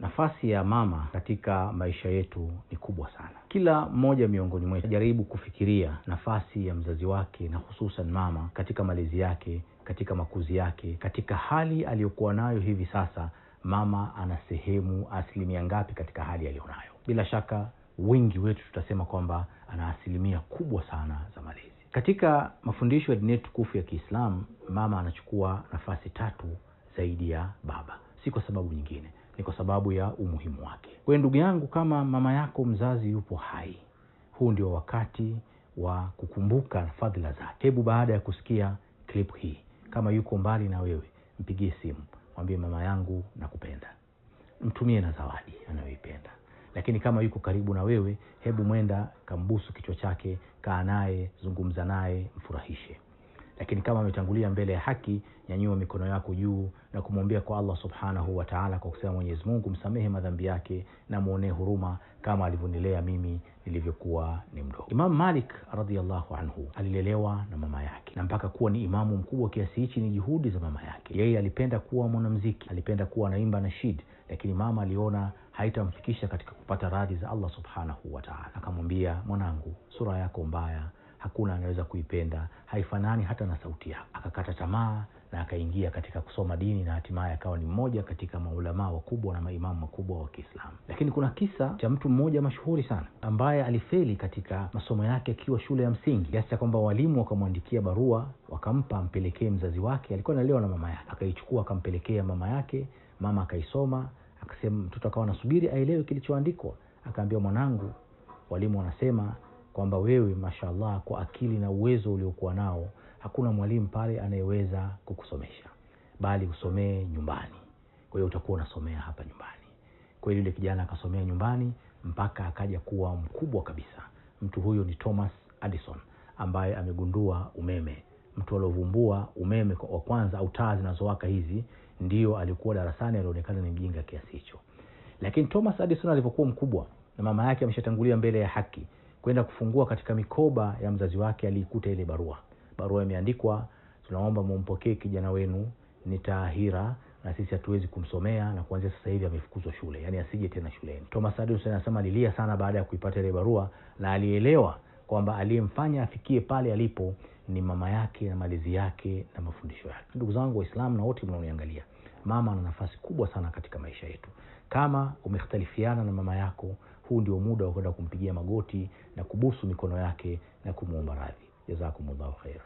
Nafasi ya mama katika maisha yetu ni kubwa sana. Kila mmoja miongoni mwetu jaribu kufikiria nafasi ya mzazi wake na hususan mama katika malezi yake, katika makuzi yake, katika hali aliyokuwa nayo hivi sasa. Mama ana sehemu asilimia ngapi katika hali aliyonayo? Bila shaka wengi wetu tutasema kwamba ana asilimia kubwa sana za malezi. Katika mafundisho ya dini yetu tukufu ya Kiislamu, mama anachukua nafasi tatu zaidi ya baba, si kwa sababu nyingine ni kwa sababu ya umuhimu wake. Kwa hiyo ndugu yangu, kama mama yako mzazi yupo hai, huu ndio wakati wa kukumbuka fadhila zake. Hebu baada ya kusikia klip hii, kama yuko mbali na wewe, mpigie simu, mwambie mama yangu nakupenda, mtumie na zawadi anayoipenda. Lakini kama yuko karibu na wewe, hebu mwenda kambusu kichwa chake, kaa naye, zungumza naye, mfurahishe lakini kama ametangulia mbele ya haki, nyanyua mikono yako juu na kumwombea kwa Allah subhanahu wa ta'ala, kwa kusema Mwenyezi Mungu msamehe madhambi yake na mwonee huruma kama alivyonilea mimi nilivyokuwa ni mdogo. Imam Malik radhiallahu anhu alilelewa na mama yake, na mpaka kuwa ni imamu mkubwa kiasi hichi ni juhudi za mama yake. Yeye alipenda kuwa mwanamuziki, alipenda kuwa anaimba shid lakini mama aliona haitamfikisha katika kupata radhi za Allah subhanahu wa ta'ala, akamwambia mwanangu, sura yako mbaya hakuna anaweza kuipenda, haifanani hata na sauti yako. Akakata tamaa na akaingia katika kusoma dini na hatimaye akawa ni mmoja katika maulamaa wakubwa na maimamu makubwa wa Kiislamu. Lakini kuna kisa cha mtu mmoja mashuhuri sana ambaye alifeli katika masomo yake akiwa shule ya msingi kiasi cha kwamba walimu wakamwandikia barua wakampa ampelekee mzazi wake. Alikuwa analewa na mama yake, akaichukua akampelekea mama yake. Mama akaisoma akasema, mtoto akawa nasubiri aelewe kilichoandikwa. Akaambia, mwanangu, walimu wanasema kwamba wewe mashallah kwa akili na uwezo uliokuwa nao hakuna mwalimu pale anayeweza kukusomesha, bali usomee nyumbani. Kwa hiyo utakuwa unasomea hapa nyumbani. Kwa hiyo yule kijana akasomea nyumbani mpaka akaja kuwa mkubwa kabisa. Mtu huyo ni Thomas Edison ambaye amegundua umeme, mtu aliovumbua umeme wa kwanza au taa zinazowaka hizi, ndio alikuwa darasani, alionekana ni mjinga kiasi hicho. Lakini Thomas Edison alivyokuwa mkubwa na mama yake ameshatangulia mbele ya haki kwenda kufungua katika mikoba ya mzazi wake, aliikuta ile barua. Barua imeandikwa, tunaomba mumpokee kijana wenu, ni taahira na sisi hatuwezi kumsomea na kuanzia sasa hivi amefukuzwa shule, yani asije tena shuleni. Thomas adison anasema alilia sana baada ya kuipata ile barua, na alielewa kwamba aliyemfanya afikie pale alipo ni mama yake na malezi yake na mafundisho yake. Ndugu zangu Waislamu na wote mnaoniangalia, mama ana nafasi kubwa sana katika maisha yetu. Kama umekhtalifiana na mama yako, huu ndio muda wa kwenda kumpigia magoti na kubusu mikono yake na kumwomba radhi. Jazakumullahu khair.